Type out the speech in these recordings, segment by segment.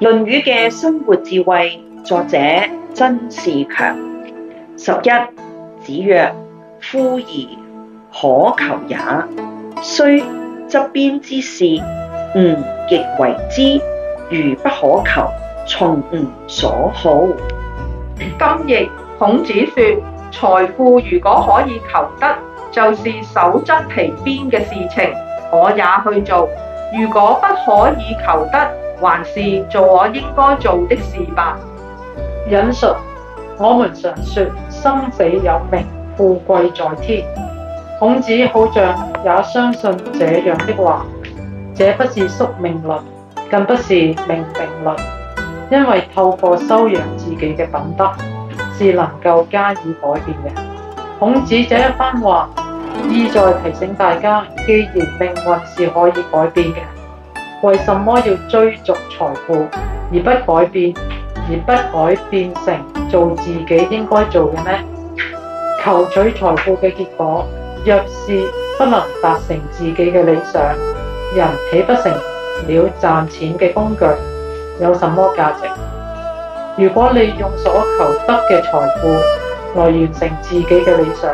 《論語》嘅生活智慧，作者曾仕強。十一子曰：富而可求也，雖執鞭之士，吾亦為之；如不可求，從吾所好。今亦孔子說：財富如果可以求得，就是手執皮鞭嘅事情，我也去做；如果不可以求得，還是做我應該做的事吧。引述，我們常説生死有命，富貴在天。孔子好像也相信這樣的話。這不是宿命論，更不是命定論，因為透過修養自己嘅品德，是能夠加以改變嘅。孔子這一番話，意在提醒大家，既然命運是可以改變嘅。為什麼要追逐財富而不改變，而不改變成做自己應該做嘅呢？求取財富嘅結果，若是不能達成自己嘅理想，人豈不成了賺錢嘅工具？有什麼價值？如果你用所求得嘅財富來完成自己嘅理想，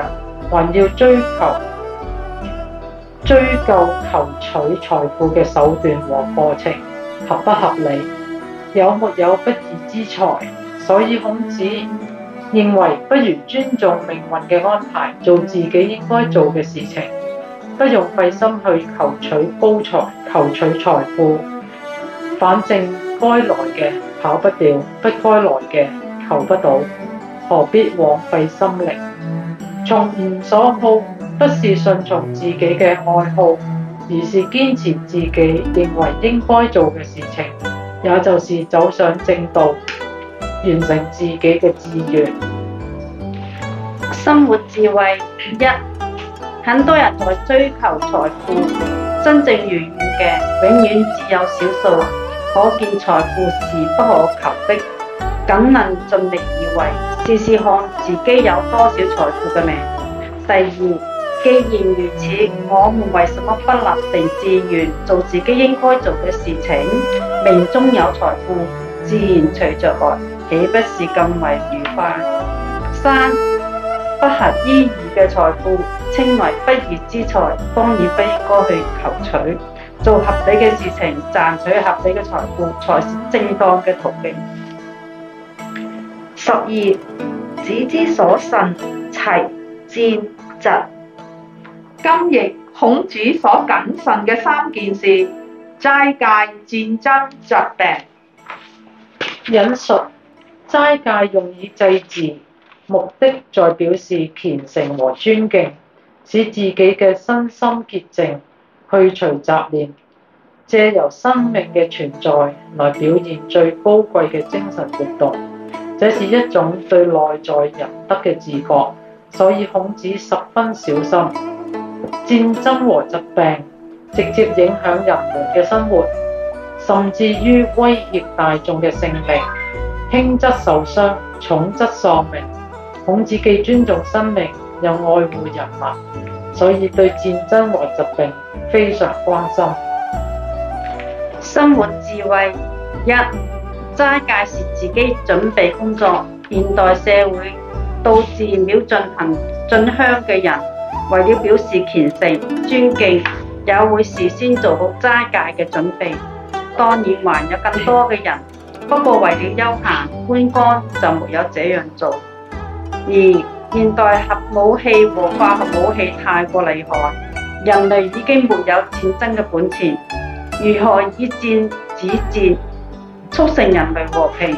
還要追求？追究求取財富嘅手段和過程合不合理，有沒有不義之財？所以孔子認為，不如尊重命運嘅安排，做自己應該做嘅事情，不用費心去求取高財、求取財富。反正該來嘅跑不掉，不該來嘅求不到，何必枉費心力？從吾所好。不是順從自己嘅愛好，而是堅持自己認為應該做嘅事情，也就是走上正道，完成自己嘅志願。生活智慧一，很多人在追求財富，真正如意嘅永遠只有少數，可見財富是不可求的。僅能盡力而為，試試看自己有多少財富嘅命。第二。既然如此，我們為什麼不立定志願做自己應該做嘅事情？命中有財富，自然隨着來，豈不是更為愉快？三不合於義嘅財富，稱為不義之財，當然不應該去求取。做合理嘅事情，賺取合理嘅財富，才是正當嘅途徑。十二子之所慎，齊、戰、疾。今日孔子所謹慎嘅三件事：齋戒、戰爭、疾病。引述齋戒用以祭祀，目的在表示虔誠和尊敬，使自己嘅身心潔淨，去除雜念，借由生命嘅存在來表現最高貴嘅精神活動。這是一種對內在仁德嘅自覺，所以孔子十分小心。戰爭和疾病直接影響人們嘅生活，甚至於威脅大眾嘅性命，輕則受傷，重則喪命。孔子既尊重生命，又愛護人民，所以對戰爭和疾病非常關心。生活智慧一、齋戒時自己準備工作，現代社會到寺廟進行進香嘅人。為了表示虔誠、尊敬，也會事先做好齋戒嘅準備。當然還有更多嘅人，不過為了休閒觀光就沒有這樣做。二、現代核武器和化學武器太過厲害，人類已經沒有戰爭嘅本錢，如何以戰止戰，促成人類和平，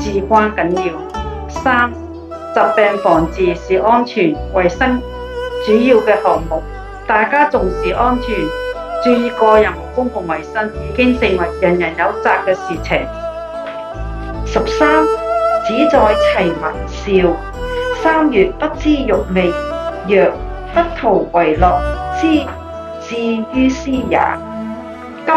至關緊要。三、疾病防治是安全、衛生。主要嘅項目，大家重視安全，注意個人和公共衞生，已經成為人人有責嘅事情。十三，子在齊聞韶，三月不知肉味。曰：不圖為樂，之至於斯也。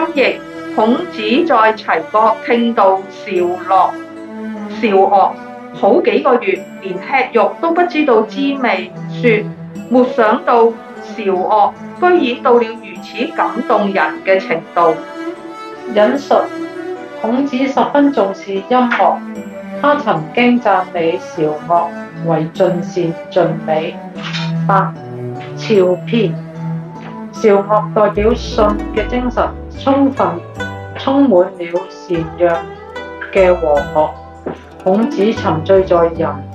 今日孔子在齊國聽到韶樂，韶樂好幾個月，連吃肉都不知道滋味，說。沒想到《韶樂》居然到了如此感動人嘅程度。引述孔子十分重視音樂，他曾經讚美《韶樂》為盡善盡美。八《佾篇》，《韶樂》代表舜嘅精神，充分充滿了禪讓嘅和樂，孔子沉醉在仁。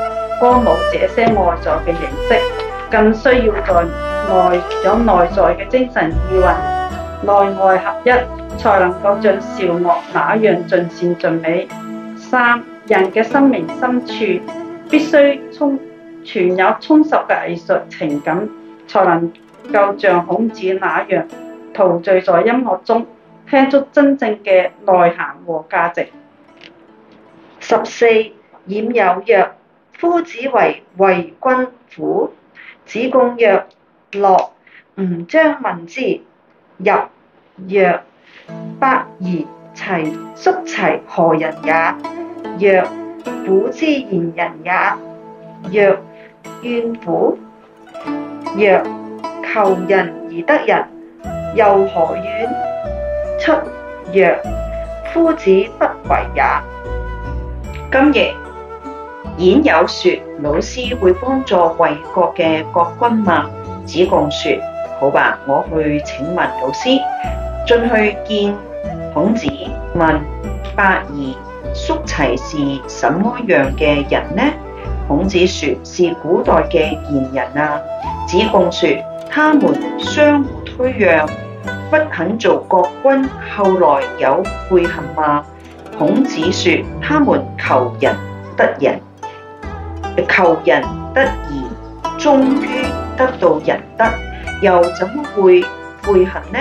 歌舞這些外在嘅形式，更需要在外有內在嘅精神意蘊，內外合一，才能夠像韶樂那樣盡善盡美。三、人嘅心靈深處必須充存有充實嘅藝術情感，才能夠像孔子那樣陶醉在音樂中，聽出真正嘅內涵和價值。十四，冉有曰。夫子為衛君乎？子貢曰：樂，吾將問之。入，曰：伯夷、齊，叔齊何人也？曰：古之賢人也。曰：怨乎？曰：求仁而得仁，又何怨？出，曰：夫子不為也。今日。冉有說：老師會幫助衛國嘅國君嗎、啊？子貢說：好吧，我去請問老師。進去見孔子，問兒：伯夷叔齊是什麼樣嘅人呢？孔子說：是古代嘅賢人啊。子貢說：他們相互推讓，不肯做國君，後來有悔恨嗎、啊？孔子說：他們求仁得仁。求仁得仁，終於得到仁德，又怎麼會悔恨呢？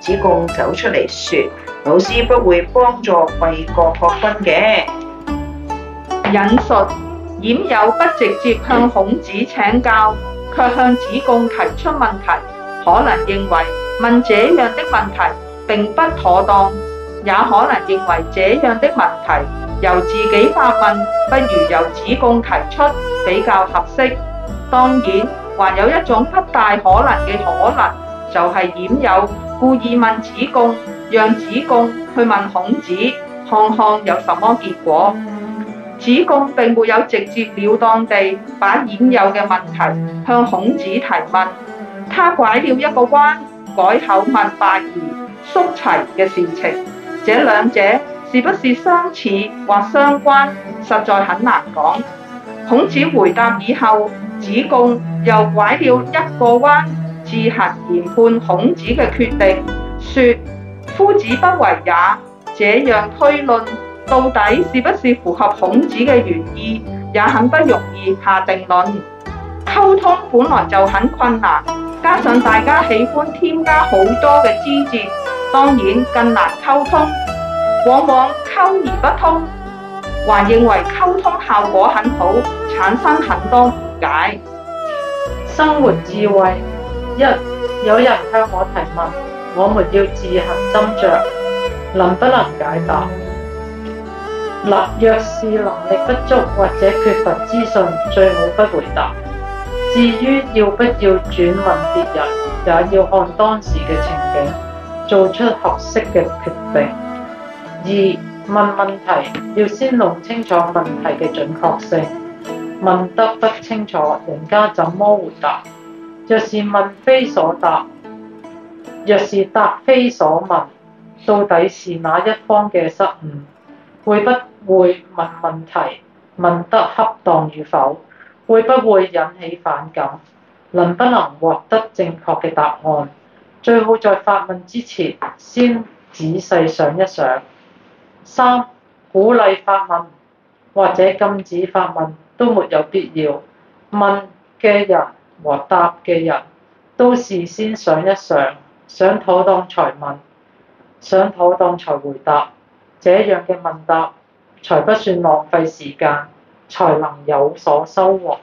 子貢走出嚟說，老師不會幫助衛國國君嘅。引述冉有不直接向孔子請教，卻向子貢提出問題，可能認為問這樣的問題並不妥當，也可能認為這樣的問題。由自己發問，不如由子貢提出比較合適。當然，還有一種不大可能嘅可能，就係、是、冉有故意問子貢，讓子貢去問孔子，看看有什麼結果。子貢並沒有直接了當地把冉有嘅問題向孔子提問，他拐了一個彎，改口問伯夷、叔齊嘅事情。這兩者。是不是相似或相關，實在很難講。孔子回答以後，子貢又拐了一個彎，自行研判孔子嘅決定，說：夫子不為也。這樣推論到底是不是符合孔子嘅原意，也很不容易下定論。溝通本來就很困難，加上大家喜歡添加好多嘅枝節，當然更難溝通。往往溝而不通，還認為溝通效果很好，產生很多誤解。生活智慧一，有人向我提問，我們要自行斟酌，能不能解答？若若是能力不足或者缺乏資訊，最好不回答。至於要不要轉問別人，也要看當時嘅情景，做出合適嘅決定。二、問問題要先弄清楚問題嘅準確性，問得不清楚，人家怎麼回答？若是問非所答，若是答非所問，到底是哪一方嘅失誤？會不會問問題問得恰當與否？會不會引起反感？能不能獲得正確嘅答案？最好在發問之前先仔細想一想。三、鼓勵發問或者禁止發問都沒有必要。問嘅人和答嘅人，都事先想一想，想妥當才問，想妥當才回答。這樣嘅問答才不算浪費時間，才能有所收穫。